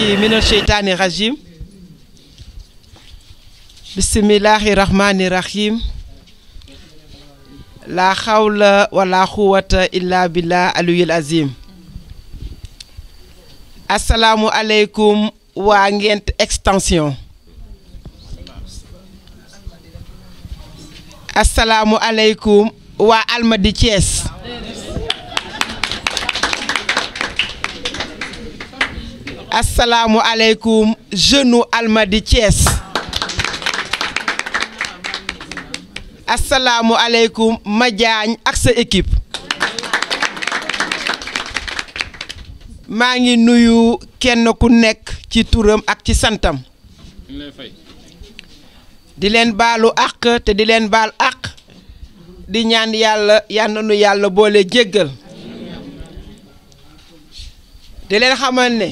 billahi min alsheytaani rajim bismillahi rahmani rahim laa xawla wala xuwata illa aliyul azim asalaamu aleykum waa Ngent extension asalaamu aleykum waa Almadi Thiès asalaamualeykum almadi Almadies Thiès asalaamualeykum Madiagne ak sa équipe maa ngi nuyu kenn ku nekk ci turam ak ci santam di leen baalu àq te di leen baal àq di ñaan yàlla yal yàlla boole jéggal di xamal ne.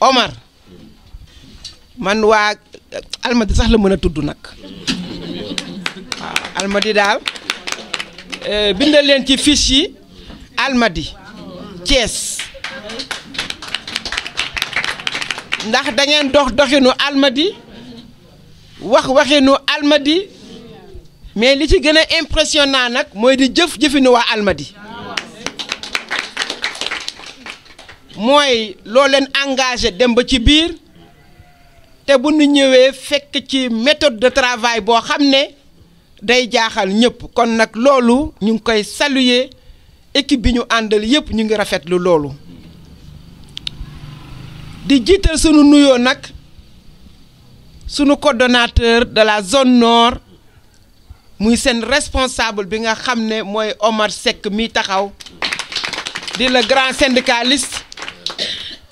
Omar man waa almadi sax la mën a tudd nag waaw almadi daal eh, bindal leen ci fiche yi almadi Thiès ndax da dox doxinu almadi wax waxinu almadi mais li ci gën a impressionnant nag mooy di jëf jëfinu waa almadi mooy loo leen engagé dem ba ci biir te bu ñu ñëwee fekk ci méthode de travail boo xam ne day jaaxal ñëpp kon nag loolu ñu ngi koy saluer équipe bi ñu àndal yëpp ñu ngi rafetlu loolu di jiital sunu nuyoo nag sunu coordonnateur de la zone nord muy seen responsable bi nga xam ne mooy Omar Seck mi taxaw di la grand syndicaliste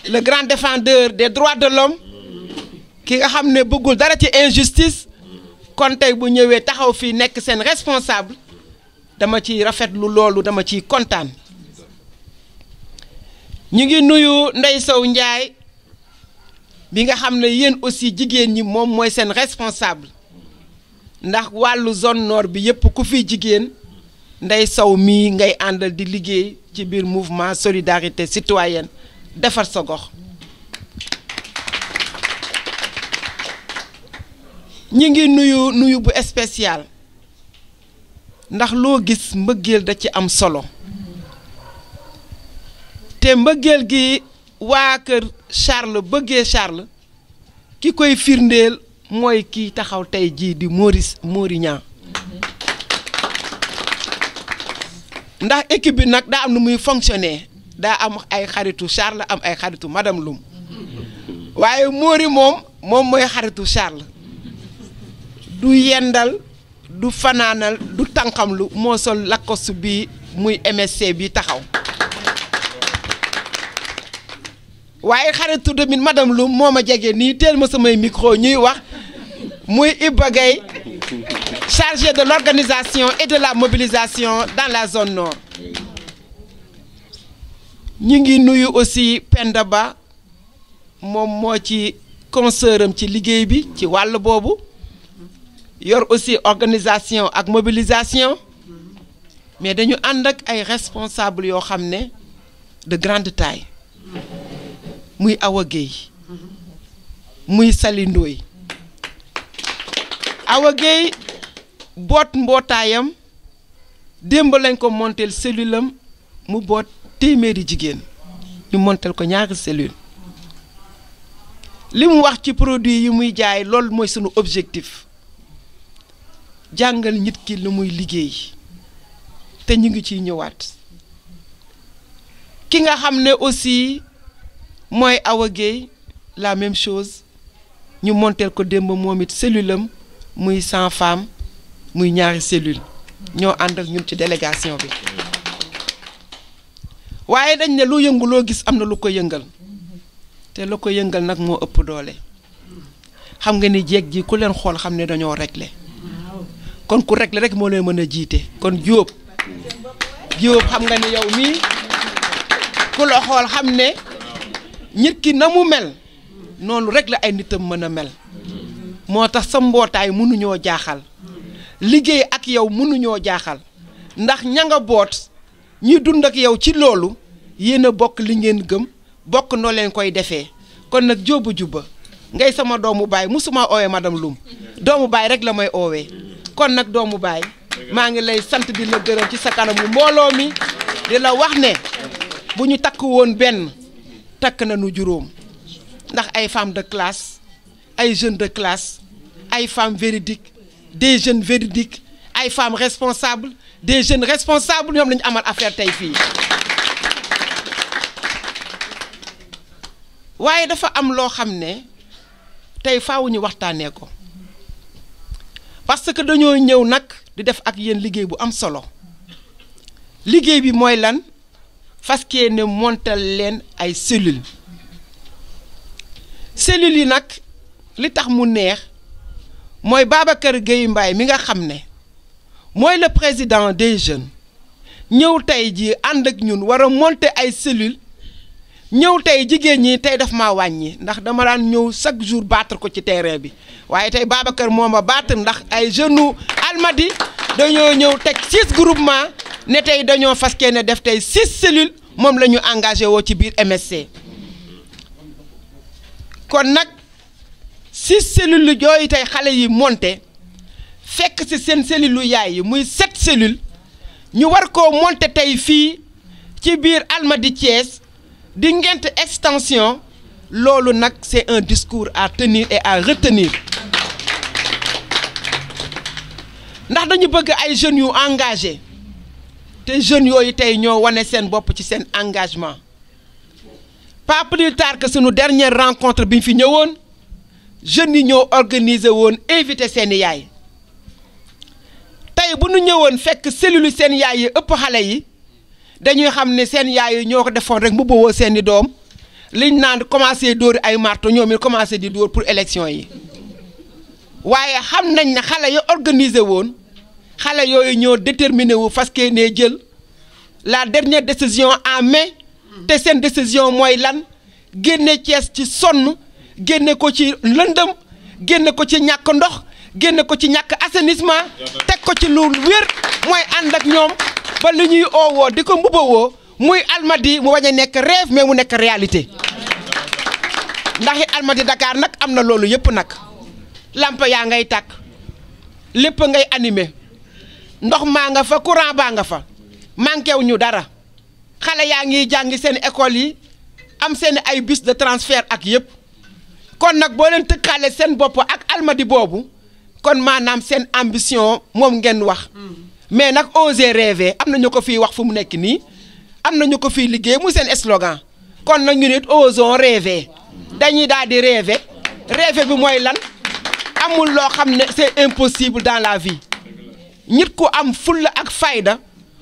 le grand défenseur des droits de l'homme ki nga xam ne bëggul dara ci injustice kon tey bu ñëwee taxaw fii nekk seen responsable dama ciy rafetlu loolu dama ciy kontaan ñu ngi nuyu ndey Sow Ndiaye bi nga xam ne yéen aussi jigéen ñi moom mooy seen responsable ndax wàllu zone nord bi yépp ku fi jigéen ndey Sow mii ngay àndal di liggéey ci biir mouvement solidarité citoyenne defar sa gox ñi ngi nuyu nuyu bu spécial ndax loo gis mbëggeel da ci am solo te mbëggeel gi waa kër Charles bëggee Charles ki koy firndeel mooy kiy taxaw tey jii di Maurice Moriñan ndax équipe bi nag daa am nu muy fonctionner daa am ay xaritu Charles am ay xaritu madame Loum waaye Mori moom moom mooy xaritu Charles du yendal du fanaanal du tànqamlu moo sol lakkos bii muy ms bi taxaw waaye xaritu tamit madame Loum moo ma jege nii teel ma samay micro ñuy wax muy Iba Gueye chargé de l'organisation et de la mobilisation dans la zone nord ñu ngi nuyu aussi Penda Ba moom moo ci conseiller am ci liggéey bi ci wàll boobu yor aussi organisation ak mobilisation mais dañu ànd ak ay responsables yoo xam ne de grande taille muy Awa Guèye muy Sali Ndoye Awa Guèye boot mbootaayam démb lañ ko monteel cellule mu boot téeméeri jigéen ñu montal ko ñaari cellule li mu wax ci produit yi muy jaay loolu mooy sunu objectif jàngal nit ki lu muy liggéey te ñu ngi ciy ñëwaat ki nga xam ne aussi mooy Awa la même chose ñu monteel ko démb moom it sellulam muy cent femmes muy ñaari cellule ñoo ànd ak ñun ci délégation bi waaye dañ ne lu yënguloo gis am na lu ko yëngal te lu ko yëngal nag moo ëpp doole xam nga ni jeeg ji ku leen xool xam ne dañoo régler kon ku régler rek moo lay mën a jiite kon jóob jóob xam nga ni yow mii ku la xool xam ne nit ki na mu mel noonu rek la ay nitam mën a mel moo tax sa mbootaay mënuñoo jaaxal liggéey ak yow mënuñoo jaaxal ndax ña nga boot ñi dund ak yow ci loolu yéen a bokk li ngeen gëm bokk noo leen koy defee kon nag jóoba juba ngay sama doomu baay musuma oowee madame lum doomu baay rek la may oowee kon nag doomu baay maa ngi lay sant di la gërëm ci sa kanamu mbooloo mi di la wax ne bu ñu takk woon benn takk nañu juróom ndax ay femmes de classe ay jeunes de classe ay femmes véridiques des jeunes véridiques ay femmes responsables des jeunes responsables ñoom la amal affaire tey fii. waaye dafa am loo xam ne tey faaw ñu waxtaanee ko parce que dañoo ñëw nag di def ak yéen liggéey bu am solo liggéey bi mooy lan faske ne montal leen ay cellules cellules yi nag li tax mu neex mooy Babacar Gueye mbaay mi nga xam ne mooy le président des jeunes ñëw tey jii ànd ak ñun war a monter ay cellules. ñëw tey jigéen ñi tey daf ma wàññi ndax dama daan ñëw chaque jour battre ko ci terrain bi waaye tey Babacar moom a baat ndax ay jeunes almadi dañoo ñëw teg six groupement ne tey dañoo fas yéene def tey six cellules moom lañu ñu engagé woo ci biir MSC kon nag six cellules yooyu tey xale yi monté fekk ci seen cellule yaay yi muy sept cellules ñu war ko monte tey fii ci biir Almadies Thiès di ngent extension loolu nag c'est un discours à tenir et à retenir ndax dañu bëgg ay jeunes yu engagé te jeunes yooyu tey ñoo wane seen bopp ci seen engagement pas plus tard que sunu dernière rencontre bi ñu fi ñëwoon jeunes yi ñoo organiser woon invité seeni yaay tey bu nu ñëwoon fekk cellule seen yaay yi ëpp xale yi dañuy xam ne seen yaay yi ñoo ko defoon rek mu booboo seen doom liñ naan commencé dóor ay marto ñoom it commencé di dóor pour élection yi waaye xam nañ ne xale ya organisé woon xale yooyu ñoo déterminé wu parce que ne jël la dernière décision en mai te seen décision mooy lan génne Cees ci sonn génne ko ci lëndëm génne ko ci ñàkk ndox génne ko ci ñàkk assainissement teg ko ci lu wér mooy ànd ak ñoom ba li ñuy oowoo di ko mbubawoo muy Almadies mu bañ a nekk rêve mais mu nekk réalité ndax it Almadies Dakar nag am na loolu yëpp nag lamp yaa ngay tàkk lépp ngay animé ndox maa nga fa courant baa nga fa manqué wu ñu dara xale yaa ngi jàngi seen école yi am seen ay bis de transfert ak yëpp kon nag boo leen tëkkaale seen bopp ak Almadies boobu kon maanaam seen ambition moom ngeen wax. Mm. mais nag oser rêver am na ñu ko fii wax fu mu nekk nii am na ñu ko fii liggéey mu seen slogan kon nag ñu nit osons rêver dañuy daal di rêver rêver bi mooy lan amul loo xam ne c'est impossible dans la vie ñit ku am fulla ak fayda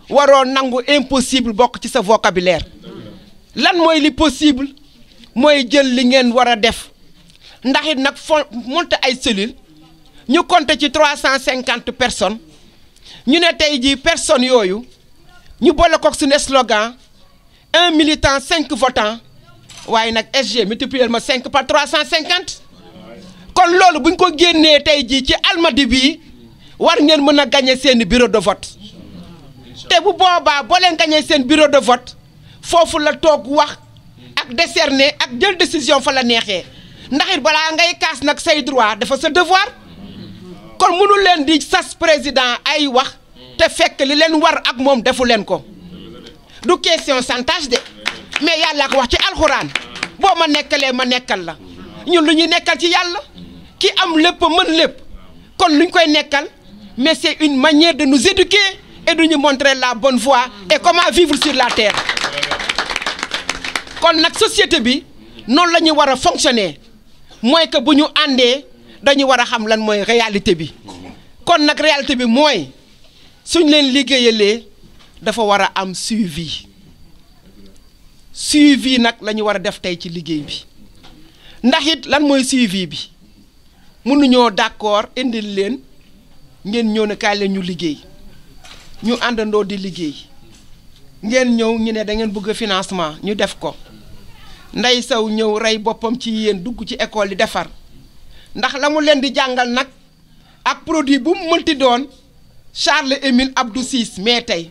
waroo nangu impossible bokk ci sa vocabulaire lan mooy li possible mooy jël li ngeen war a def ndax it nag fo monte ay cellules ñu compter ci trois cent cinquante personnes ñu ne tey jii personne yooyu ñu boole koog suñu slogan un militant cinq votants waaye nag SG multiplier ma cinq par trois cent cinquante kon loolu bu ñu ko génnee tey jii ci almadi bii war ngeen mën a gagné seen bureau de vote te bu boobaa booleen leen gagné seen bureau de vote foofu la toog wax ak décerner ak jël décision fa la neexee ndax it balaa ngay kaas nag say droit dafa sa devoir. kon mënu leen di sas président ay wax te fekk li leen war ak moom defu leen ko du question chantage de mais yàlla ko wax ci alxuraan boo ma nekkalee ma nekkal la ñun lu ñuy nekkal ci yàlla kii am lépp mën lépp kon luñ koy nekkal mais c'est une manière de nous éduquer et de nous montrer la bonne voie et comment vivre sur la terre kon nag société bi noonu la ñu war a fonctionner mooy que bu ñu àndee dañu war a xam lan mooy réalité bi kon nag réalité bi mooy suñ leen liggéeyalee dafa war a am suivi suivi nag la ñu war a def tey ci liggéey bi ndax it lan mooy suivi bi mënuñoo d'accord indil leen ngeen ñëw ne kaay leen ñu liggéey ñu àndandoo di liggéey ngeen ñëw ñu ne da ngeen bëgg financement ñu def ko Ndey sew ñëw rey boppam ci yéen dugg ci école yi defar ndax la mu leen di jàngal nag ak produit bu mu mënti doon Charles Émile Abdou Ciss mais tey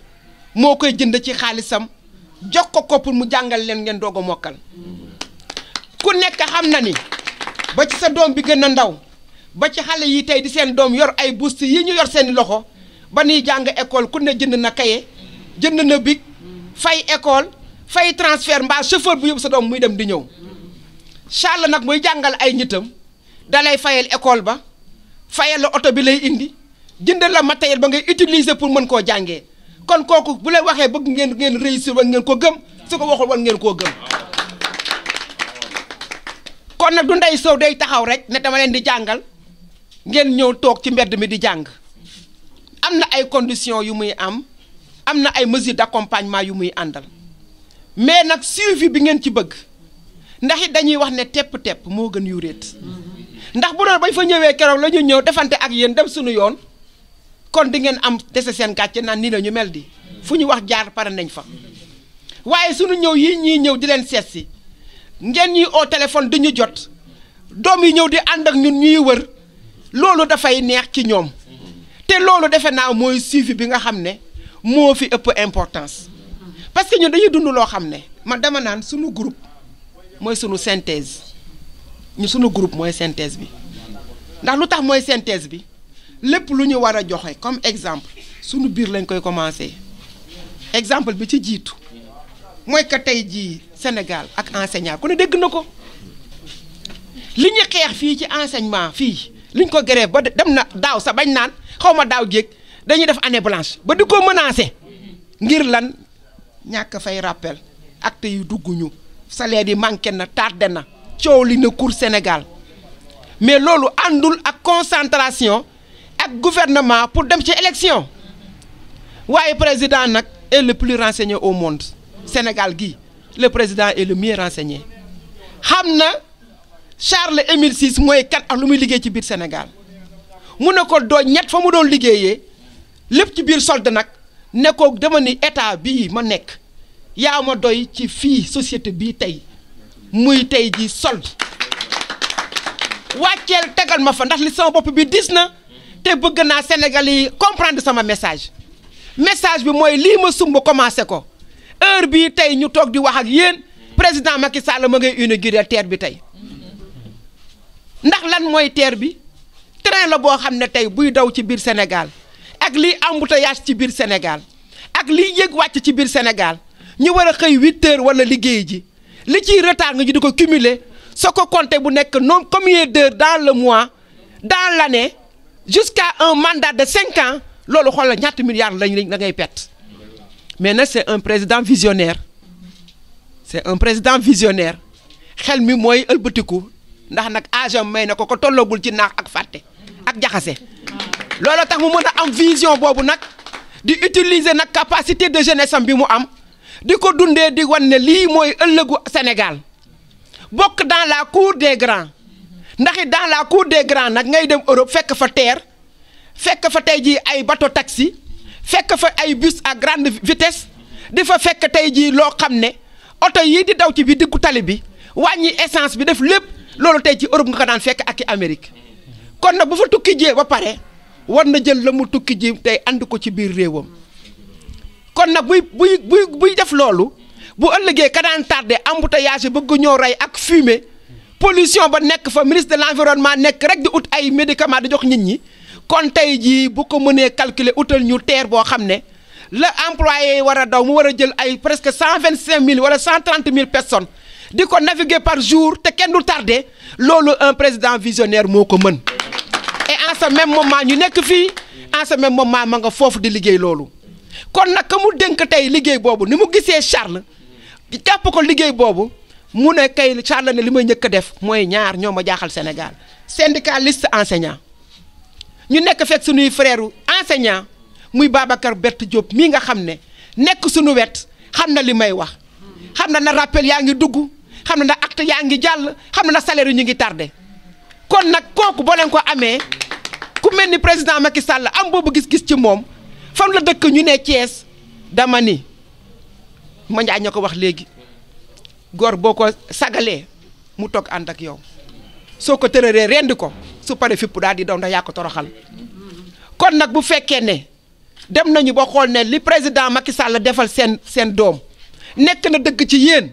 moo koy jënd ci xaalisam jox ko ko pour mu jàngal leen ngeen doog a mokkal ku nekk xam na ni ba ci sa doom bi gën a ndaw ba ci xale yi tey di seen doom yor ay bourse yi ñu yor seeni loxo ba nuy jàng école ku ne jënd na kaye jënd na bic fay école fay transfert mbaa chauffeur bu yóbbu sa doom muy dem di ñëw Charles nag muy jàngal ay ñitam dalay fayal école ba fayal la oto bi lay indi jëndal la matériel ba ngay utiliser pour mën koo jàngee kon kooku bu lay waxee bëgg ngeen ngeen réussir war ngeen ko gëm su ko waxul war ngeen koo gëm kon nag du ndey sow day taxaw rek ne dama leen di jàngal ngeen ñëw toog ci mbedd mi di jàng am na ay conditions yu muy am am na ay mesures d'accompagnement yu muy àndal mais nag suivi bi ngeen ci bëgg ndax it dañuy wax ne tepp-tepp moo gën yuréet ndax bu doon bañ fa ñëwee keroog la ñu ñëw defante ak yéen dem suñu yoon kon di ngeen am dese seen gàcce naan nii la mel di fu ñu wax jaar pare nañ fa waaye suñu ñëw yi ñuy ñëw di leen seet si ngeen ñuy oo téléphone duñu jot doom yi ñëw di ànd ak ñun ñuy wër loolu dafay neex ci ñoom te loolu defe naa mooy suivi bi nga xam ne moo fi ëpp importance parce que ñun dañuy dund loo xam ne man dama naan suñu groupe mooy sunu synthèse ñu sunu groupe mooy synthèse bi ndax lu tax mooy synthèse bi lépp lu ñu war a joxe comme exemple sunu biir lañ koy commencer exemple bi ci jiitu mooy que tey jii Sénégal ak enseignant ku ne dégg na ko li ñu xeex fii ci enseignement fii liñ ko grève ba dem na daaw sa bañ naan xaw ma daaw jéeg dañuy def année blanche ba di ko menacer ngir lan ñàkk fay rappel acte yu dugguñu ñu yi manqué na tardé na. coow li ne cour Sénégal mais loolu àndul ak concentration ak gouvernement pour dem ci élection waaye président nag est le plus renseigné au monde Sénégal gi le président est le mieux renseigné xam na Charles Émile Ciss mooy kat ak lu muy liggéey ci biir Sénégal mu ne ko doo ñett fa mu doon liggéeyee lépp ci biir solde nag ne ko dama état bii ma nekk yaa ma doy ci fii société bii tey muy tey ji solde wàcceel tegal ma fa ndax li sama bopp bi dis na te bëgg naa Sénégal yi comprendre sama message message bi mooy lii ma sumb commencé ko heure bii tey ñu toog di wax ak yéen président Macky Sall ma ngay inaugurer TER bi tey ndax lan mooy TER bi train la boo xam ne tey buy daw ci biir Sénégal ak liy embouteillage ci biir Sénégal ak lii yëg wàcc ci biir Sénégal ñu war a xëy huit heures wala liggéey ji li ci retard nga ñu di ko cumuler soo ko compter bu nekk non combien d'heures dans le mois dans l'année jusqu'à un mandat de cinq ans loolu xoolal ñaata milliards lañ la ngay perte mais nag c'est un président visionnaire c'est un président visionnaire xel mi mooy ëlbatiku ndax nag agent may na ko ko tolloogul ci naax ak fàtte ak jaxase loolu tax mu mën a am vision boobu nag di utiliser nag capacité de jeunesse am bi mu am di ko dundee di wan ne lii mooy ëllëgu Sénégal bokk dans la cour des grands ndax it dans la cour des grands nag ngay dem Europe fekk fa terre fekk fa tey jii ay bateau taxi fekk fa ay bus ak grand vitesse di fa fekk tey jii loo xam ne oto yii di daw ci bi diggu tali bi wàññi essence bi def lépp loolu tey ci Europe nga ko fekk ak i Amérique kon nag bu fa tukki jee ba pare war na jël la mu tukki ji tey ànd ko ci biir réewam. kon nag buy buy buy buy def loolu bu ëllëgee ka daan tardé embouteillage yi bëgg ñoo rey ak fume pollution ba nekk fa ministre de l'environnement nekk rek di ut ay médicaments di jox nit ñi kon tey jii bu ko mënee calculer utal ñu teer boo xam ne la employé war a daw mu war a jël ay presque cent vingt cinq mille wala cent mille personnes di ko naviguer par jour te kenn du tardé loolu un président visionnaire moo ko mën et en ce même moment ñu nekk fii en ce même moment ma nga foofu di liggéey loolu. kon nag ka mu dénk tey liggéey boobu ni mu gisee Charles jàpp ko liggéey boobu mu ne kay Charles ne li may njëkk a def mooy ñaar ñoo ma jaaxal Sénégal syndicaliste enseignant ñu nekk fekk suñuy frère enseignant muy Babacar Bert Diop mii nga xam ne nekk suñu wet xam na li may wax xam na na rappel yaa ngi dugg xam na na acte yaa ngi jàll xam na na salaire ñu ngi tardé kon nag kooku boo leen ko amee ku mel ni président Macky sàll am boobu gis-gis ci moom fan la dëkk ñu ne Thiès dama ni ma njaay ña ko wax léegi góor boo ko sagalee mu toog ànd ak yow soo ko tërëree rendi ko su paree fipp daal di daw ndax yaa ko toroxal kon nag bu fekkee ne dem nañu ba xool ne li président Macky sàll defal seen seen doom nekk na dëgg ci yéen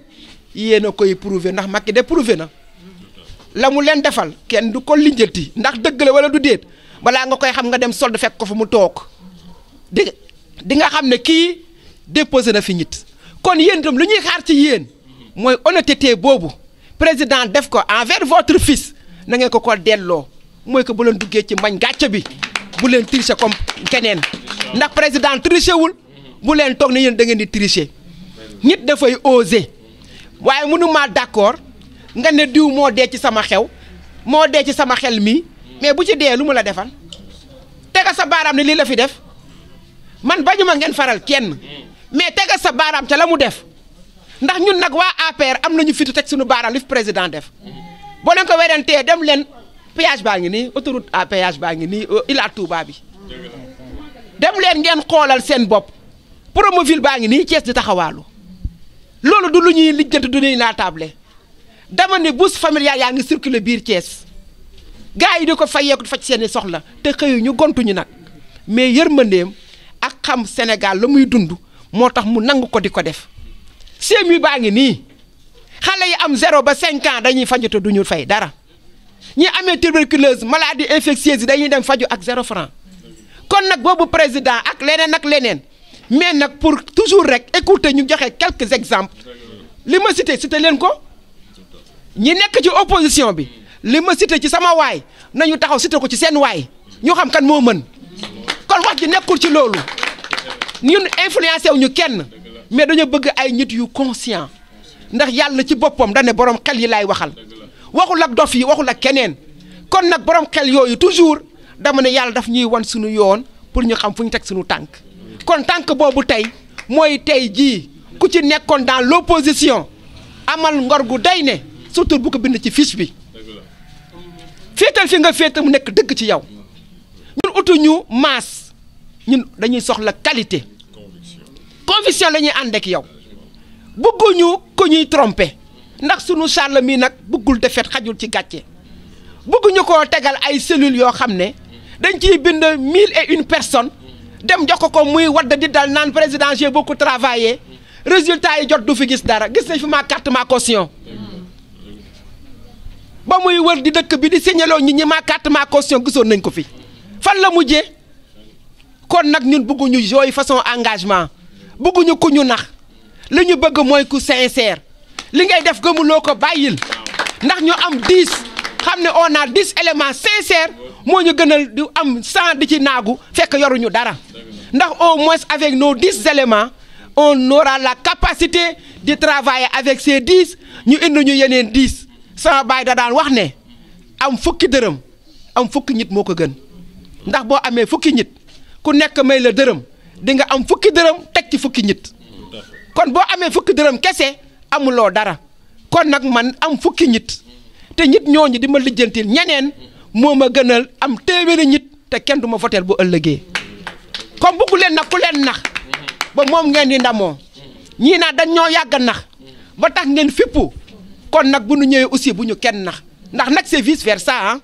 yéen a koy prouver ndax Macky de prouver na lamu leen defal kenn du ko lijjanti ndax dëgg la wala du déet balaa nga koy xam nga dem solde fekk ko fa mu toog di nga xam ne kii déposé na fi ñit kon yéen itam lu ñuy xaar ci yéen mooy honnêteté boobu président def ko envers votre fils na ngeen ko ko delloo mooy que bu leen duggee ci mbañ gàcce bi bu leen tricher comme keneen ndax président tricher wul bu leen toog ne yéen da ngeen di tricher ñit dafay oser waaye mënumaa d'accord nga ne diw moo dee ci sama xew moo dee ci sama xel mii mais bu ci dee lu mu la defal tega sa baaraam ni lii la fi def. man bañuma ngeen faral kenn mais tegal sa baaraam ca la mu def ndax ñun nag waa APR am nañu fitu teg suñu baaraam li fi président def boo leen ko werantee dem leen péage baa ngi nii autoroute à péage baa ngi nii euh, Ila Touba bi dem leen ngeen xoolal seen bopp Promoville baa ngi nii cees di taxawaalu loolu du lu ñuy lijjanti du ñuy naatable dama ne bourse familiale yaa ngi circulé biir cees gars yi di ko fayeeku di faj seen i soxla te xëyu ñu gontuñu nag mais yërmandeem ak xam Sénégal la muy dund moo tax mu nangu ko di ko def mi baa ngi nii xale yi am zéro ba cinq dañuy fajota du ñu fay dara ñi amee tuberculose maladie infectieuse yi dañuy dem faju ak zéro franc kon nag boobu président ak leneen ak leneen mais nag pour toujours rek écouter ñu joxe quelques exemples li ma cité cité leen ko ñi nekk ci opposition bi li ma cité ci sama waay nañu taxaw cité ko ci seen waay ñoo xam kan moo mën kon wax ji nekkul ci loolu ñun influencé wu ñu kenn mais dañoo bëgg ay nit yu conscient ndax yàlla ci boppam da ne borom xel yi laay waxal waxul ak dof yi waxul ak keneen kon nag borom xel yooyu toujours dama ne yàlla daf ñuy wan suñu yoon pour ñu xam fu ñu teg suñu tànk kon tànk boobu tey mooy tey jii ku ci nekkoon dans l'opposition amal ngor gu day ne surtout bu ko bind ci fiche bi féetal fi nga féetal mu nekk dëgg ci yow ñun utu maas ñun dañuy soxla qualité conviction la ñuy ànd ak yow bëgguñu ko ñuy tromper ndax sunu Charles mii nag bëggul defet xajul ci gàcce bëgguñu ko tegal ay cellules yoo xam ne dañ ciy bind mille et une personnes dem jox ko ko muy wadd di dal naan président j'ai beaucoup travaillé résultat yi jot du fi gis dara gis nañ fi ma carte ma caution ba muy wër di dëkk bi di signaloo ñi ñi ma carte ma caution gisoon nañ ko fi fan la mujjee kon nag ñun bëgguñu yooyu façon engagement bëgguñu ku ñu nax li ñu bëgg mooy ku sincère li ngay def gëmuloo ko bàyyil ndax ñu am dix xam ne on a dix éléments sincères moo ñu gënal du am cent di ci naagu fekk yoruñu dara ndax au moins avec nos dix éléments on aura la capacité de travailler avec ces ñu indi ñu yeneen dix sama baay da daan wax ne am fukki dërëm am fukki nit moo ko gën ndax boo amee fukki nit ku nekk may la dërëm dinga am fukki dërëm teg ci fukki nit kon boo amee fukki dërëm kese amuloo dara kon nag man am fukki nit te nit ñooñu di ma lijjantil ñeneen moom a gënal am téeméeri nit te kenn du ma foteel bu ëllëgee comme bugg leen nag ku leen nax ba moom ngeen di ndamoo ñii naa dañ ñoo yàgg nax ba tax ngeen fippu kon nag bu nu ñëwee aussi bu ñu kenn nax ndax nag c'est vice versa ah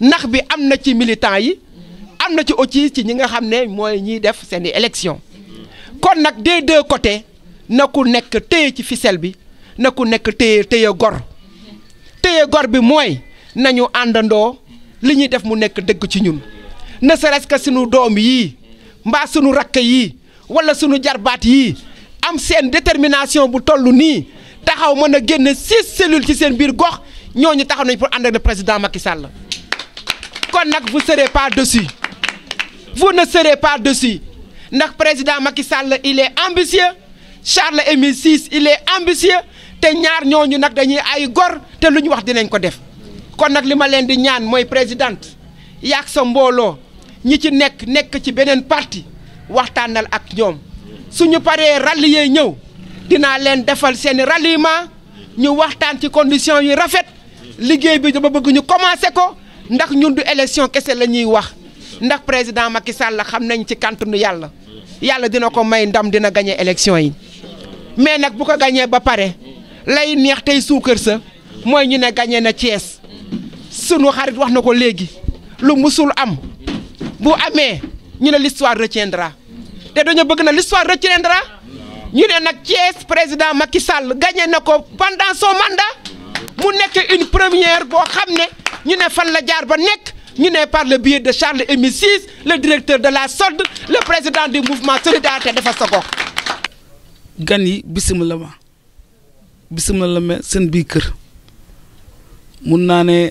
nax bi am na ci militant yi am na ci aussi ci ñi nga xam ne mooy ñiy def seen i élection kon nag des deux na ku nekk téye ci ficelle bi na ku nekk téye téye gor téye gor bi mooy nañu àndandoo li ñuy def mu nekk dëgg ci ñun ne serait que sunu doom yii mbaa sunu rakk yii wala sunu jarbaat yii am seen détermination bu toll nii taxaw mën a génn six cellules ci seen biir gox ñooñu taxaw nañ pour ànd ak président Macky sàll kon nag vous serez pas dessus vous ne serez pas dessus ndax président Macky sàll il est ambitieux Charles Émile Ciss il est ambitieux te ñaar ñooñu nag dañuy ay gor te lu ñu wax dinañ ko def kon nag li ma leen di ñaan mooy présidente yaak sa mbooloo ñi ci nekk nekk ci beneen parti waxtaanal ak ñoom suñu paree rallier ñëw dinaa leen defal seen ralliement ñu waxtaan ci condition yi rafet liggéey bi dama bëgg ñu commencé ko ndax ñun du élection kese la ñuy wax ndax président Macky Sall xam nañ ci kàntanu yàlla yàlla dina ko may ndam dina gagné élection yi mais nag bu ko gagné ba pare lay neex tey suukar sa mooy ñu ne gañee na Thiès sunu xarit wax na ko léegi lu musul am bu amee ñu ne l'histoire retiendra te dañoo bëgg na l'histoire retiendra ñu ne nag Thiès président Macky Sall gagné na ko pendant son mandat mu nekk une première boo xam ne ñu ne fan la jaar ba nekk. ñu ne par le biais de Charles Émile Ciss le directeur de la SOD le président du mouvement solidarité defar sa gox gan yi bisimila ma bisimila la seen biir kër mun naa ne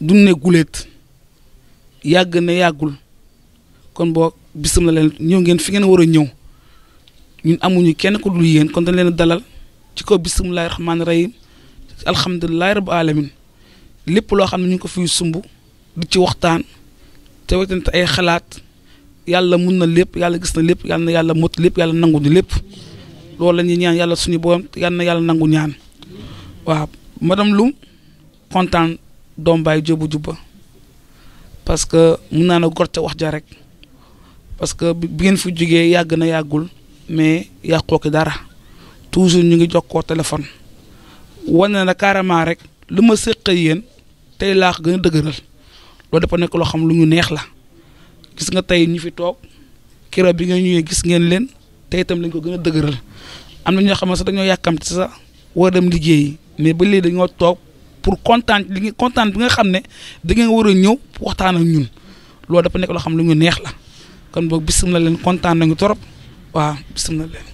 du ne guleet yàgg ne yàggul kon boo bisimila leen ñëw ngeen fi ngeen war a ñëw ñun amuñu kenn ku dul yéen kon dañ leen dalal ci kaw bisimilahi rahmaani rahim alhamdulilahi rabi alamin lépp loo xam ne ñu ngi ko fiy sumb di ci waxtaan te wetante ay xalaat yàlla mun na lépp yàlla gis na lépp yàlla na yàlla mot lépp yàlla nangu ni lépp loolu la ñuy ñaan yàlla suñu borom yàlla na yàlla nangu ñaan waaw madame Loum kontaan doom baay jóobu jubba parce que mun naa na gor wax ja parce que bi ngeen fi jógee yàgg na yàggul mais yàqoo ki dara toujours ñu ngi jokkoo téléphone wane na carrément rek lu ma séq yéen tey laa ko gën a loolu dafa nekk loo xam lu ñu neex la gis nga tey ñu fi toog kiro bi nga ñëwee gis ngeen leen te itam lañ ko gën a dëgëral am na ñoo xam ne sax dañoo yàkkamti sax war dem liggéey mais ba léegi dañoo toog pour kontaan li nga kontaan bi nga xam ne da ngeen war a ñëw waxtaan ak ñun loolu dafa nekk loo xam lu ñu neex la kon boog bisim na leen kontaan nañu torop waa bisim na leen.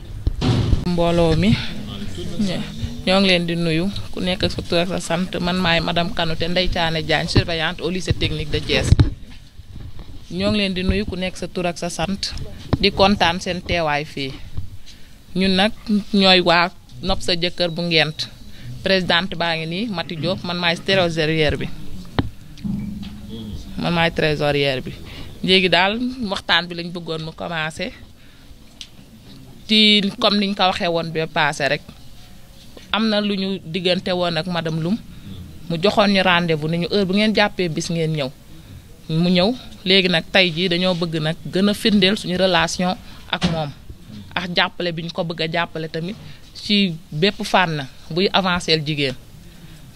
mi. ñoo ngi leen di nuyu ku nekk ak sa tur ak sa sant man maay madame Kanouté Ndeye Thiané Diagne surveillante au lycée technique de Thiès ñoo ngi leen di nuyu ku nekk sa tur ak sa sant di kontaan seen teewaay fii ñun nag ñooy waa nopp sa jëkkër bu ngent présidente baa ngi nii matijoo man maay trésorière bi man maay trésorière bi léegi daal waxtaan bi lañ bëggoon mu commencé ci comme niñ ko waxee woon ba passé rek am na lu ñu diggante woon ak madam lum mu joxoon ñu rendez bu ni ñu heure bu ngeen jàppee bis ngeen ñëw mu ñëw léegi nag tey jii dañoo bëgg nag gën a firndeel suñu relation ak moom ax jàppale bi ñu ko bëgg a jàppale tamit ci bépp fànn buy avanceel jigéen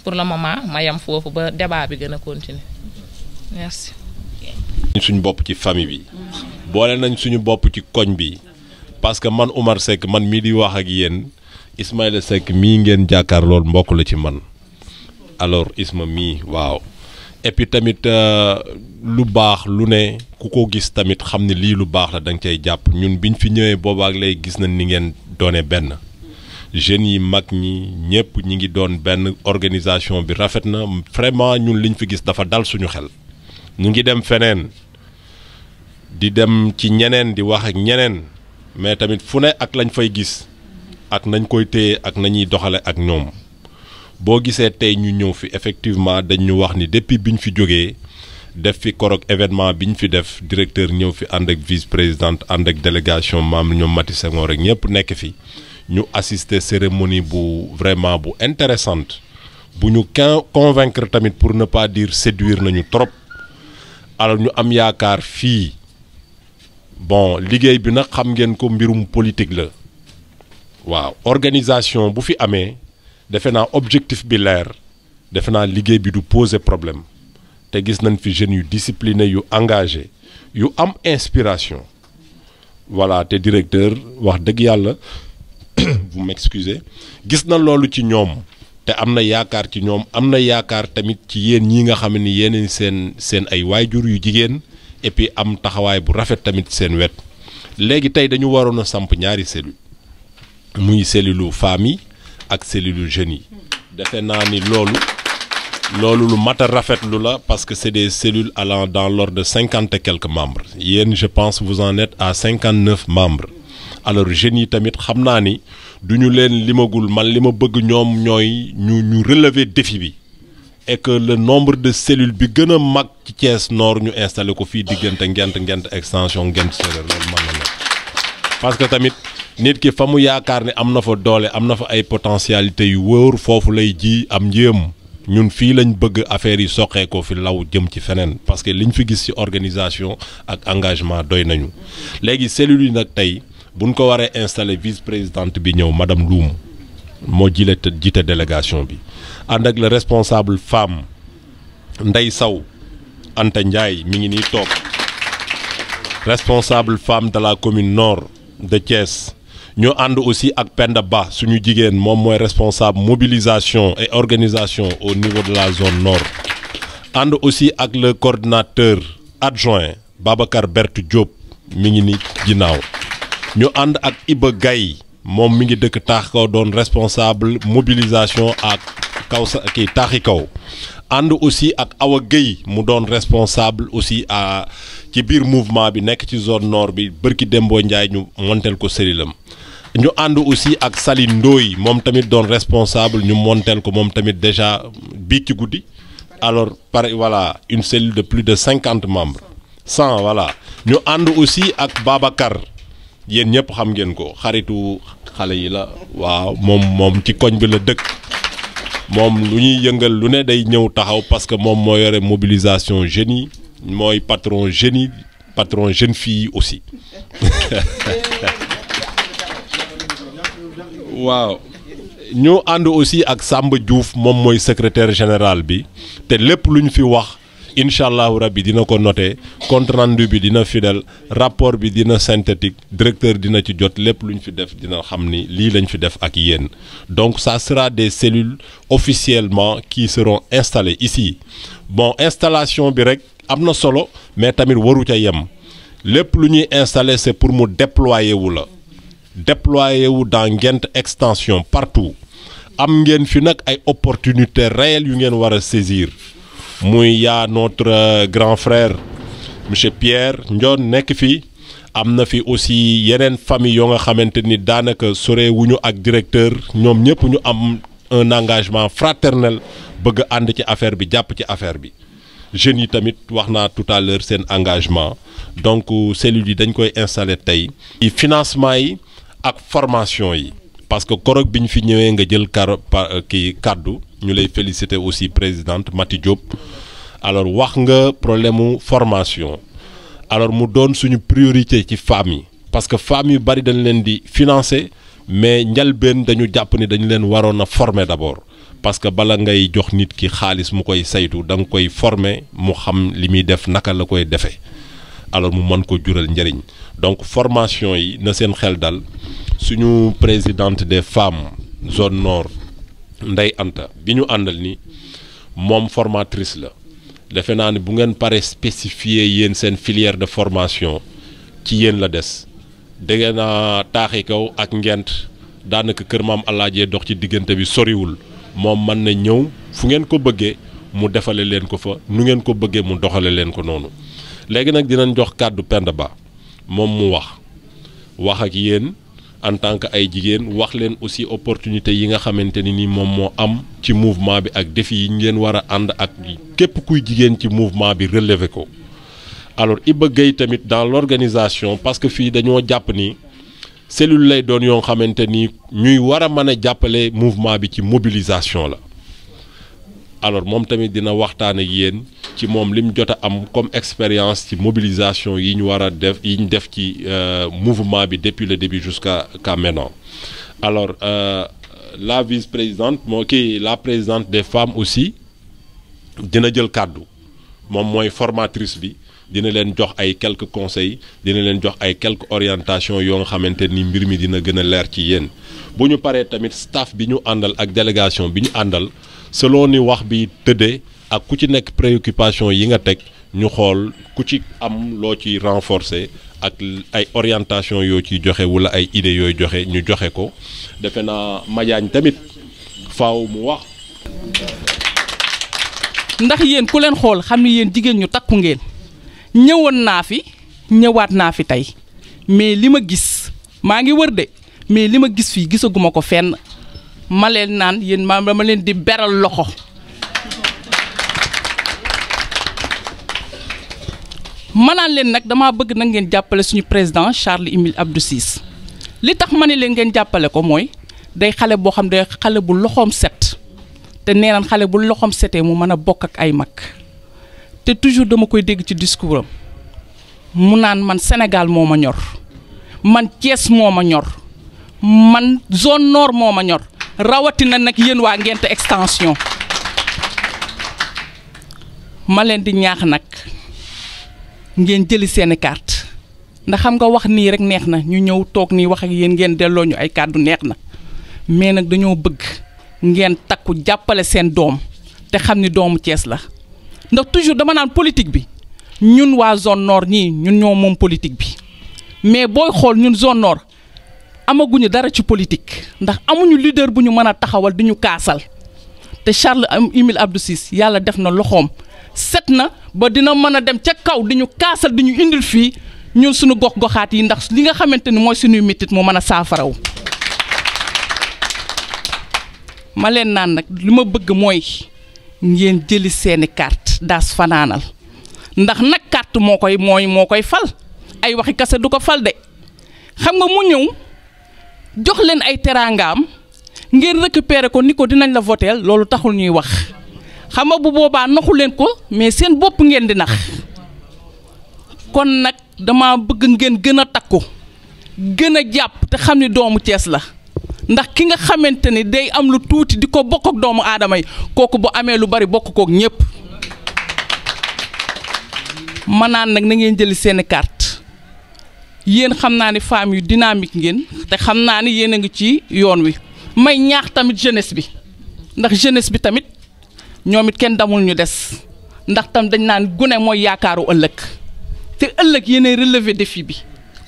pour le moment mayam foofu ba débat bi gën a merci. suñu bopp ci famille bi boole nañ suñu bopp ci koñ bi parce que man Umar Seck man mii di wax ak yéen. Ismaïla Seck mii ngeen jàkkaar lool mbokk la ci man alors Isma mi waaw et puis tamit euh, lu baax lu ne ku ko gis tamit xam ne lii lu baax la da nga cay jàpp ñun bi ñu fi ñëwee boobaak lay gis nañ ni ngeen doone benn jeunes yi mag ñi ñëpp ñi ngi doon benn organisation bi rafet na vraiment ñun liñ fi gis dafa dal suñu xel ñu ngi dem feneen di dem ci ñeneen di wax ak ñeneen mais tamit fu ne ak lañ fay gis ak nañ koy téye ak nañuy doxale ak ñoom boo gisee tey ñu ñëw fi effectivement dañ ñu wax ni depuis bi ñu fi jógee def fi korok événement bi ñu fi def directeur ñëw fi ànd ak vice présidente ànd ak délégation maam ñoom Mati Senghor rek ñëpp nekk fi ñu assister cérémonie bu vraiment bu intéressante bu ñu kin convaincre tamit pour ne pas dire séduire nañu trop alors ñu am yaakaar fii bon liggéey bi nag xam ngeen ko mbirum politique la waaw organisation bu fi amee defe naa objectif bi leer defe naa liggéey bi du poser problème te gis nañ fi jeunes yu discipliné yu engagé yu am inspiration voilà te directeur wax dëgg yàlla vous m'excusez gis na loolu ci ñoom te am na yaakaar ci ñoom am na yaakaar tamit ci yéen ñi nga xam ni yeneen seen seen ay waajur yu jigéen et puis am taxawaay bu rafet tamit seen wet léegi tey dañu waroon a samp ñaari cellule muy cellule famille ak cellule jeunes yi defe naa ni loolu loolu lu mat a rafetlu la parce que c'est des cellules allant dans l'ordre de cinquante et quelques yéen je pense vous en êtes à cinquante neuf membres alors jeunes yi tamit xam naa ni du ñu leen limagul man li ma bëgg ñoom ñooy ñu ñu relever défi bi et que le nombre de cellules bi gën a mag ci Thiès Nord ñu installé ko fii diggante Ngent Ngent extension Ngent Sérère loolu mën na la parce que tamit nit ki fa mu yaakaar ne am na fa doole am na fa ay potentialité yu wóor foofu lay ji am njéem ñun fii lañ bëgg affaire yi soqee ko fi law jëm ci feneen parce que liñ fi gis ci organisation ak engagement doy nañu léegi cellules nag tey buñ ko waree installé vice présidente bi ñëw madame Loum moo jile jiite délégation bi ànd ak le responsable femme Ndey Saw Anta Ndiaye mi ngi nii toog responsable femme de la commune nord de Thiès ñoo ànd aussi ak Penda Ba suñu jigéen moom mooy responsable mobilisation et organisation au niveau de la zone nord ànd aussi ak le coordinateur adjoint Babacar Bertu Diop mi ngi ni ginnaaw ñu ànd ak Iba Gaye moom mi ngi dëkk taax kaw doon responsable mobilisation ak kaw sa kii taaxi kaw ànd aussi ak Awa Gueye mu doon responsable aussi à ci biir mouvement bi nekk ci zone nord bi bërki Dembo Ndiaye ñu montel ko sërilam ñu ànd aussi ak Sali Ndoye moom tamit doon responsable ñu monteel ko moom tamit déjà bii ci guddi alors par voilà une celle de plus de cinquante membres cent voilà ñu ànd aussi ak Babacar yéen ñëpp xam ngeen ko xaritu xale yi la waaw moom moom ci koñ bi la dëkk moom lu ñuy yëngal lu ne day ñëw taxaw parce que moom moo yore mobilisation jeunes yi mooy patron jeunes yi patron jeune fii yi aussi waaw ñu ànd aussi ak Samba Diouf moom mooy secrétaire général bi te lépp lu ñu fi wax incha allahu rabbi dina ko note compte bi dina fidèle rapport bi dina synthétique directeur dina ci jot lépp lu ñu fi def dina xam ni lii lañ fi def ak yéen donc ça sera des cellules officiellement kii seront installées ici bon installation bi rek am na solo mais tamit waru ca yem lépp lu ñuy installé c'est pour mu déployer wu la. déployé wu dans Ngent extension partout am ngeen fi nag ay opportunités réelles yu ngeen war a saisir muy yaa notre euh, grand frère monsieur Pierre Ndione nekk fi am na fi aussi yeneen famille yoo nga xamante ni daanaka sore ak directeur ñoom ñëpp ñu am un engagement fraternel bëgg ànd ci affaire bi jàpp ci affaire bi jeunes yi tamit wax naa tout à l'heure seen engagement donc euh, cellules yi dañ koy installer tey financement yi ak formation yi parce que korog bi ñu fi ñëwee nga jël kar kii kàddu ñu lay féliciter aussi présidente Mati Diop alors wax nga problème mu formation alors mu doon suñu priorité ci femmes yi parce que femmes yu bari dañ leen di financer mais njalbeen dañu jàpp ni dañu leen waroon a former d'abord parce que bala ngay jox nit ki xaalis mu koy saytu da koy former mu xam li muy def naka la koy defee alors mu mën ko jural njëriñ donc formation yi na seen xel dal suñu présidente des femmes zone nord ndey Anta bi ñu àndal ni moom formatrice la defe naa ne bu ngeen pare spécifier yéen seen filière de formation ci yéen la des dégg naa taaxi kaw ak ngent daanaka kër maam alaajee dox ci diggante bi soriwul moom mën na ñëw fu ngeen ko bëggee mu defale leen ko fa nu ngeen ko bëggee mu doxale leen ko noonu léegi nag dinañ jox kàddu Penda Ba moom mu wax wax ak yéen en tant que ay jigéen wax leen aussi opportunité yi nga xamante ni ni moom moo am ci mouvement bi ak défi yi ngeen war a ànd ak képp kuy jigéen ci mouvement bi relever ko alors Iba Gueye tamit dans l'organisation parce que fii dañoo jàpp ni cellule lay doon yoo xamante ni ñuy war a mën a jàppale mouvement bi ci mobilisation la alors moom tamit dina waxtaan ak yéen ci moom lim jot a am comme expérience ci mobilisation yi ñu war a def yi ñu def ci euh, mouvement bi depuis le début jusqu'à ka maintenant alors euh, la vice-présidente moo kii la présidente des femmes aussi dina jël kàddu moom mooy formatrice bi dina leen jox ay quelques conseils dina leen jox ay quelques orientations yoo nga xamante ni mbir mi dina gën a leer ci yéen bu ñu paree tamit staff bi ñu àndal ak délégation bi ñu àndal selon ni wax bi tëddee ak ku ci nekk préoccupation yi nga teg ñu xool ku ci am loo ci renforcer ak ay orientation yoo ciy joxe wala ay idées yooyu joxe ñu joxe ko defe na Madiagne tamit faw mu wax. ndax yéen ku leen xool xam ni yéen jigéen ñu takku ngeen ñëwoon naa fi ñëwaat naa fi tey mais li ma gis maa ngi wër de mais li ma gis fii gisaguma ko fenn. ma leen naan yéen ma dama leen di beral loxo ma naan leen nag dama bëgg nag ngeen jàppale suñu président Charles Émile Abdou Ciss li tax ma ne leen ngeen jàppale ko mooy day xale boo xam day xale bu loxoom set te nee naan xale bu loxoom setee mu mën a bokk ak ay mag te toujours dama koy dégg ci discours am mu naan man Sénégal moom a ñor man Thiès moom a ñor man zone nord moom a ñor rawatina nag yéen waa Ngent extension ma leen di ñaax nag ngeen jëli seeni carte ndax xam nga wax nii rek neex na ñu ñëw toog nii wax ak yéen ngeen delloo ñu ay kàddu neex na mais nag dañoo bëgg ngeen takku jàppale seen doom te xam ni doomu Cees la ndax toujours dama naan politique bi ñun waa zone nord ñii ñun ñoo moom politique bi mais booy xool ñun zone nord amaguñu dara ci politique ndax amuñu lider bu ñu mën a taxawal di ñu kaasal te Charles Émile Abdou Ciss yàlla def na loxoom set na ba dina mën a dem ca kaw di ñu kaasal di ñu indil fii ñun suñu gox-goxaat yi ndax li nga xamante ni mooy suñuy métit mu mën a saafaraw ma leen naan nag li ma bëgg mooy ngeen jëli seeni carte daas fanaanal ndax nag kart moo koy mooy moo koy fal ay waxi kase du ko fal de xam nga mu ñëw jox leen ay teraangaam ngeen récupérer ko ni ko dinañ la voteel loolu taxul ñuy wax xam nga bu boobaa naxu leen ko mais seen bopp ngeen di nax kon nag dama bëgg ngeen gën a takku gën a jàpp te xam ni doomu Cees la ndax ki nga xamante ni day am lu tuuti di ko bokk ak doomu aadama yi kooku bu amee lu bari bokk kook ñépp manaan nag na ngeen jëli seeni carte yéen xam naa ni femmes yu dynamique ngeen te xam naa ni yéen a ngi ci yoon wi may ñaax tamit jeunesse bi ndax jeunesse bi tamit ñoom it kenn damul ñu des ndax tam dañ naan gune mooy yaakaaru ëllëg te ëllëg yéenay relever défi bi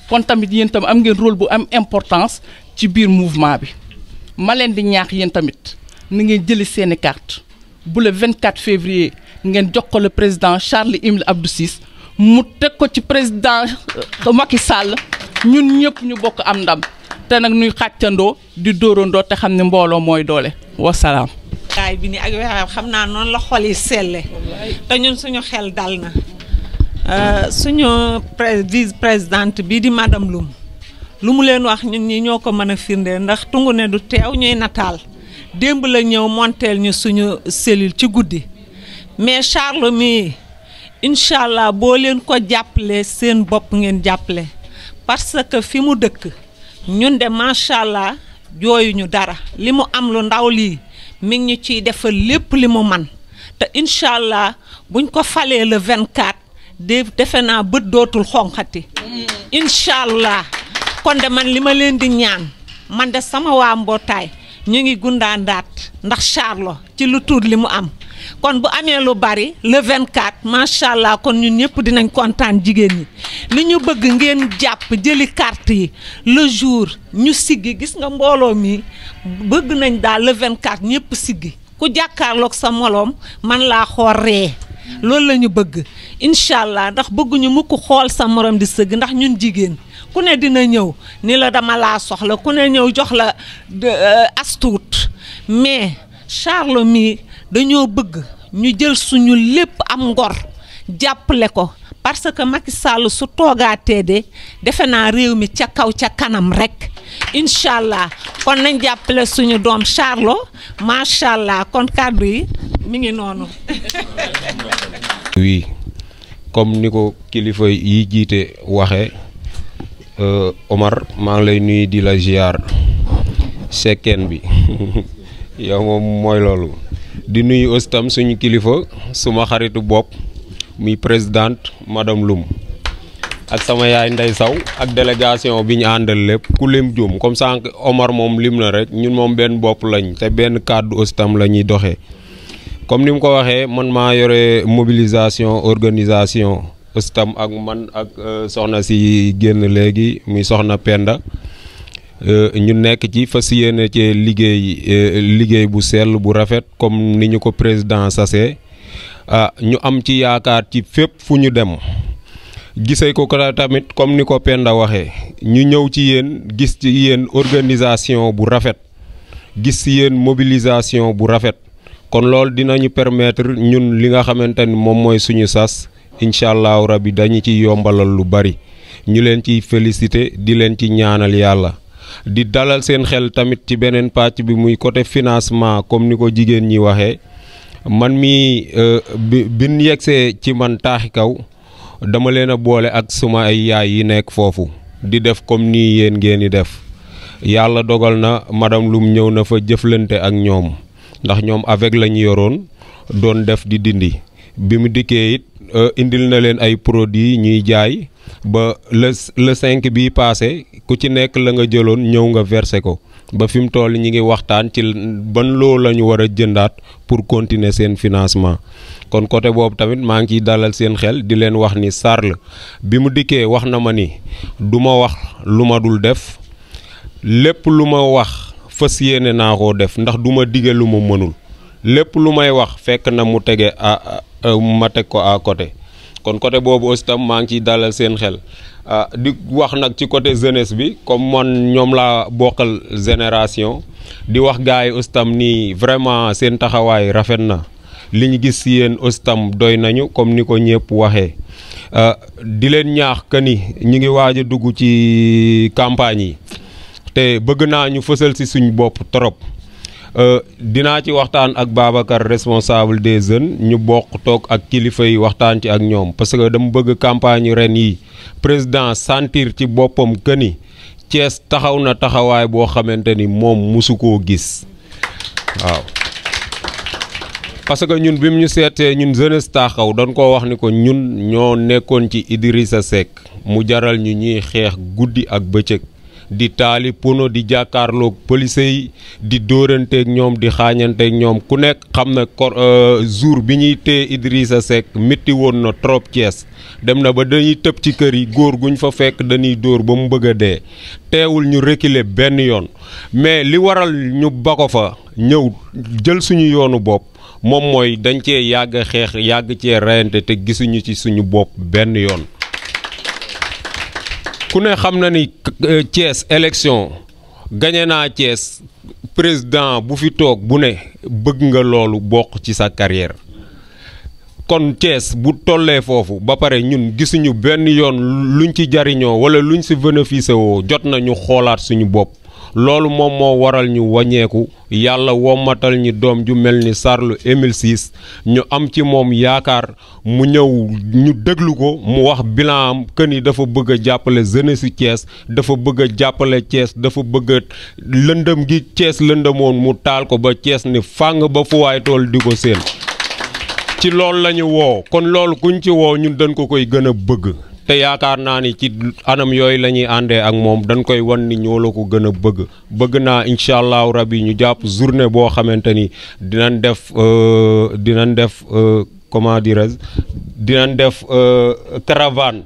kon tamit yéen tam am ngeen rôle bu am importance ci biir mouvement bi ma leen di ñaax yéen tamit ni ngeen jëli seeni carte bu le 24 février ngeen jox ko le président Charles Imel Abdou Ciss mu teg ko ci président euh, Macky Sall ñun ñëpp ñu bokk am ndam te nag ñuy xàccandoo di dóorandoo te xam ne mbooloo mooy doole wasalaam. kaay bi ni ak weexam xam naa noonu la xol yi selle te ñun suñu xel dal na euh, suñu vice présidente bii di madame Loum lu mu leen wax ñun ñi ñoo ko mën a firndee ndax tungu ne du teew ñuy nataal démb la ñëw monteel ñu suñu cellule ci guddi mais Charles mii incha allah boo leen ko jàppalee seen bopp ngeen jàppale parce que fi mu dëkk ñun de macha allah jooyuñu dara li mu am lu ndaw lii mi ngi ñu ciy defal lépp li mu man te incha allah buñ ko falee le 24 de defe naa bët dootul xonqati incha allah kon de man li ma leen di ñaan man de sama waa mbootaay ñu ngi gundaandaat ndax Charlo ci lu tuut li mu am kon bu amee lu bari le 24 macha allah kon ñun ñëpp dinañ kontaan jigéen ñi li ñu bëgg ngeen jàpp jëli carte yi le jour ñu siggi gis nga mbooloo mi bëgg nañ daal le 24 ñëpp siggi ku jàkkaarloog sa moloom man laa xool ree loolu la ñu bëgg incha allah ndax bëgguñu mukk xool sa morom di sëgg ndax ñun jigéen ku ne dina ñëw ni la dama laa soxla ku ne ñëw jox la euh, astuut mais Charles mii dañoo bëgg ñu jël suñu lépp am ngor jàppale ko parce que Macky Sall su toogaatee de defe naa réew mi ca kaw ca kanam rek incha allah kon nañ jàppale suñu doom Charlo macha allah kon kàddu yi mi ngi noonu. oui comme ni ko kilifa yi jiite waxe euh, Omar maa ngi lay nuyu di la ziar sekkeen bi yow moom mooy loolu. di nuyu aussi suñu kilifa suma xaritu bopp muy présidente madame Loum ak sama yaay Ndey Saw ak délégation bi ñu àndal lépp ku lim juum comme sànq Omar moom lim na rek ñun moom benn bopp lañ te benn kàddu aussi tam la ñuy doxee comme ni mu ko waxee man ma yore mobilisation organisation aussi tam ak man ak euh, soxna si génn léegi muy soxna Penda Euh, ñu nekk ci fas yéene ci liggéey euh, liggéey bu sell bu rafet comme ni ñu ko président sase ah ñu am ci yaakaar ci fépp fu ñu dem gisee ko tamit comme ni ko Penda waxee ñu ñëw ci yéen gis ci yéen organisation bu rafet gis ci yéen mobilisation bu rafet kon loolu dinañu permettre ñun li nga xamante ni moom mooy suñu sas incha allahu rabi dañu ci yombalal lu bari ñu leen ciy félicité di leen ci ñaanal yàlla di dalal seen xel tamit ci beneen pàcc bi muy côté financement comme ni ko jigéen ñi waxe man mi euh, bi bin yegsee ci man taaxi kaw dama leen a boole ak suma yaay yi nekk foofu di def comme nii yéen ngeen di def yàlla dogal na madam Loum ñëw na fa jëflante ak ñoom ndax ñoom avec la ñu yoroon doon def di dindi bi mu dikkee it euh, indil na leen ay produits ñuy jaay ba le le cinq bi passé ku ci nekk la nga jëloon ñëw nga versé ko ba fi mu toll ñi ngi waxtaan ci ban loo la ñu war a jëndaat pour continuer seen financement kon côté boobu tamit maa ngi ciy dalal seen xel di leen wax ni Sarl bi mu dikkee wax na ma ni du ma wax lu ma dul def lépp lu ma wax fas yéene naa koo def ndax du ma dige lu ma mënul lépp lu may wax fekk na mu tege a Euh, ma teg ko à côté kon côté boobu aussi maa ngi ciy dalal seen xel euh, di wax nag ci côté jeunesse bi comme man ñoom laa bokkal génération di wax gars yi aussi tam vraiment seen taxawaay rafet na li ñu gis si yéen aussi doy nañu comme ni ko ñëpp waxee euh, di leen ñaax que ni ñu ngi waaj a dugg ci campagne yi te bëgg naa ñu fësal si suñ bopp trop. Euh, dinaa ci waxtaan ak Babacar responsable des jeunes ñu bokk toog ak kilifa yi waxtaan ci ak ñoom parce que dama bëgg campagne ren yi président sentir ci boppam que ni Thiès taxaw na taxawaay boo xamante ni moom musu koo gis waaw parce que ñun bi mu ñu seetee ñun jeunesse taxaw doon ko wax ni ko ñun ñoo nekkoon ci Idrissa Seck mu jaral ñu ñuy xeex guddi ak bëccëg di taali pono di jàkkaarloog police yi di dóoranteeg ñoom di xaañanteeg ñoom ku nekk xam na kor euh, jour bi ñuy téye Idrissa Seck métti woon na trop Thiès dem na ba dañuy tëb ci kër yi góor gu ñu fa fekk dañuy dóor ba mu bëgg dee teewul ñu reculer benn yoon mais li waral ñu ba fa ñëw jël suñu yoonu bopp moom mooy dañ cee yàgg xeex yàgg cee reyante te gisuñu ci suñu bopp benn yoon ku ne xam na ni euh, Thiès élection gañe naa Thiès président bu fi toog bu ne bëgg nga loolu bokk ci sa carrière kon Thiès bu tollee foofu ba pare ñun gisuñu benn yoon luñ ci jariñoo wala luñ si bénéficié woo jot na ñu xoolaat suñu bopp loolu moom moo waral ñu waññeeku yàlla wommatal ñi doom ju mel ni sarlu Emile ñu am ci moom yaakaar mu ñëw ñu déglu ko mu wax bilan am que ni dafa bëgg jàppale jeunesse Thiès dafa bëgg jàppale cees dafa bëgg lëndëm gi cees lëndëmoon mu taal ko ba cees ni fàng ba fu waay tool di ko seen ci loolu la woo kon loolu kuñ ci woo ñun dañ ko koy gën a bëgg te yaakaar naa ni ci anam yooyu la ñuy àndee ak moom dañ koy wan ni ñoo la ko gën a bëgg bëgg naa incha allahu yi ñu jàpp journée boo xamante ni dinañ def euh, dinañ def euh, comment dirais dinañ def euh, caravane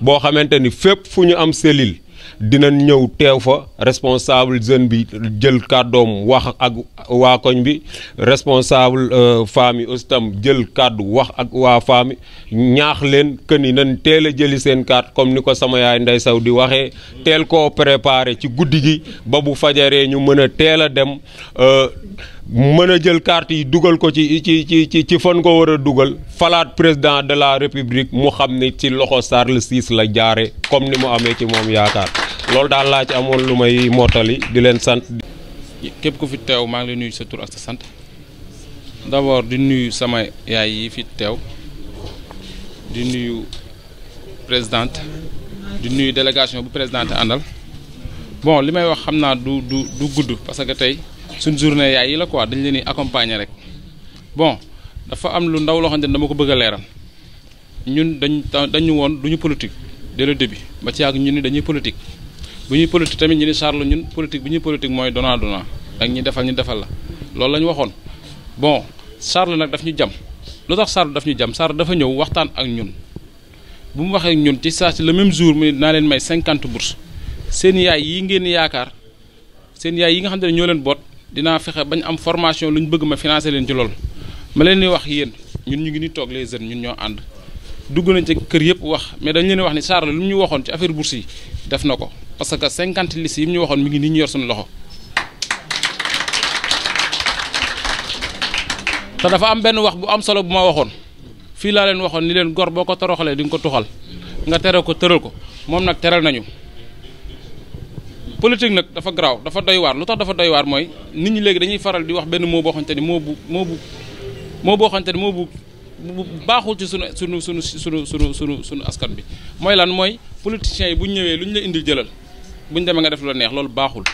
boo xamante ni fépp fu ñu am selil dina ñëw teew fa responsable jeune bi jël kàddoom wax ak waa koñ bi responsable euh, femme yi aussi jël kàddu wax ak waa femme ñaax leen que ni nañ teel a jëli seen carte comme ni ko sama yaay Ndey Saw di waxee teel ko préparé ci guddi gi ba bu fajaree ñu mën a teel a dem euh, mën a jël carte yi dugal ko ci ci ci ci fan ko war a dugal falaat président de la république mu xam ne ci loxo sarle Ciss la jaare comme ni mu amee ci moom yaakaar loolu daal laa ci amoon lu may mootali di leen sant. képp ku fi teew maa ngi lay nuyu sa tour ak sa sant d'abord di nuyu sama yaay yi fi teew di nuyu présidente di nuyu délégation bu présidente àndal bon li may wax xam naa du du du gudd parce que tey suñ journée yaay yi la quoi dañ leen di accompagner rek bon dafa am lu ndaw loo xam ne dama ko bëgg a leeral ñun dañ dañu woon duñu politique dès le début ba ci yàgg ñun ni dañuy politique. bu ñuy politique tamit ñu di charlu ñun politique bu ñuy politique mooy dona dona ak ñi defal ñu defal la loolu lañu waxoon bon charlu nag daf ñu jam lu tax charlu daf ñu jam charlu dafa ñëw waxtaan ak ñun bu mu waxee ñun ci saa si le même jour mu ne dinaa leen may cinquante bourses seen yaay yi ngeen yaakaar seen yaay yi nga xam ne ñoo leen boot dinaa fexe bañ am formation lu ñu bëgg ma financer leen ci lool ma leen di wax yéen ñun ñu ngi ni toog les jeunes ñun ñoo ànd dugg nañ ci kër yëpp wax mais dañ leen wax ni Sarr lu mu ñu waxoon ci affaire bourse yi def na ko parce que cinquante listes yi mu ñu waxoon mi ngi nii ñu yor suñu loxo. te dafa am benn wax bu am solo bu ma waxoon fii laa leen waxoon ni leen gor boo ko toroxalee di nga ko tuxal nga tere ko tëral ko moom nag teral nañu. politique nag dafa garaaw dafa doy waar lu tax dafa doy waar mooy nit ñi léegi dañuy faral di wax benn moo booxante ni moo bu moo bu moo boo xamante ni moo baaxul ci sunu sunu sunu sunu sunu sunu sunu askan bi mooy lan mooy politiciens yi bu ñu ñëwee lu ñu la indil jëlal bu ñu demee nga def lu neex loolu baaxul.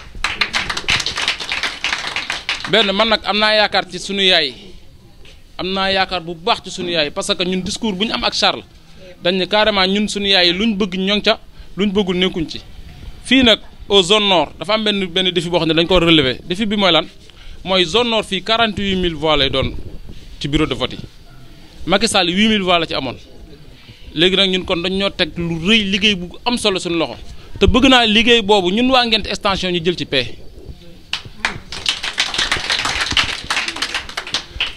benn man nag am naa yaakaar ci sunu yaay am na yaakaar bu baax ci sunu yaay parce que ñun discours bu ñu am ak Charles dañ ne carrément ñun sunu yaay lu ñu bëgg ñoŋ ca lu ñu bëggul nekkuñ ci fii nag au zone nord dafa am benn benn défi boo xam ne dañ ko relever défi bi mooy lan mooy zone nord fii 48000 voix lay doon ci bureau de vote yi. Macky Sall 8000 voix la ci amoon léegi nag ñun kon dañ ñoo teg lu rëy liggéey bu am solo suñu loxo te bëgg naa liggéey boobu ñun waa Ngent extension ñu jël ci paie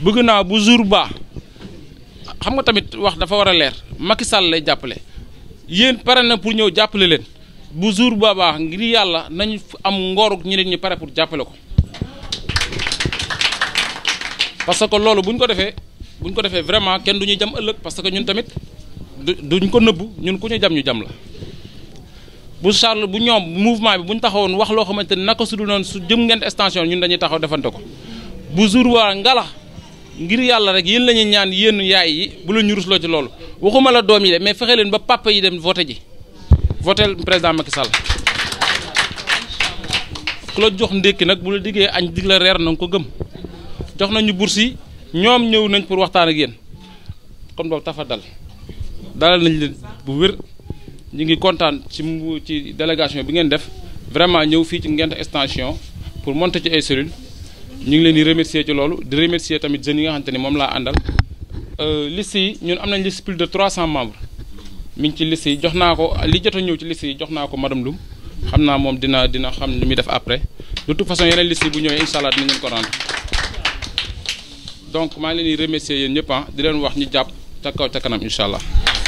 bëgg naa bu jour ba xam nga tamit wax dafa war a leer Macky Sall lay jàppale yéen pare na pour ñëw jàppale leen bu jour ba baax ngir yàlla nañ am ngoorug ñeneen ñi pare pour jàppale ko parce que loolu bu ñu ko defee. bu buñ ko defee vraiment kenn du ñu jam ëllëg parce que ñun tamit duñ ko nëbbu ñun ku ñu jam ñu jam la bu Charles bu ñoom mouvement bi bu ñu taxawoon wax loo xamante ne naka su dul noonu su jëm ngeen extension ñun dañuy taxaw defante ko bu jour waa ngala ngir yàlla rek yéen lañuy ñaan yéen yaay yi bu la ñu rusloo ci loolu waxuma la doom yi de mais fexe leen ba papa yi dem voté ji voté président Macky Sall ku la jox ndékki nag bu la diggee añ dig la reer na ko gëm jox nañu bourse ñoom ñëw nañ pour waxtaan a yéen kon boog tafa dal dalal nañ leen bu wér ñu ngi kontaan ci ci délégation bi ngeen def vraiment ñëw fii ci Ngent extension pour monter ci ay cellules ñu ngi leen di remercier ci loolu di remercier tamit jeunes yi nga xamante ni moom laa àndal. Euh, liste yi ñun am nañ liste plus de 300 membres mi ngi ci liste jox naa ko li jot a ñëw ci liste yi jox naa ko madame Loum xam naa moom dina dina xam li muy def après de toute façon yeneen liste yi bu ñëwee incha allah dinañ ko rendre. donc maa ngi leen di remercier yéen ñëpp ah, di leen wax ñu jàpp ca kaw ca kanam incha allah.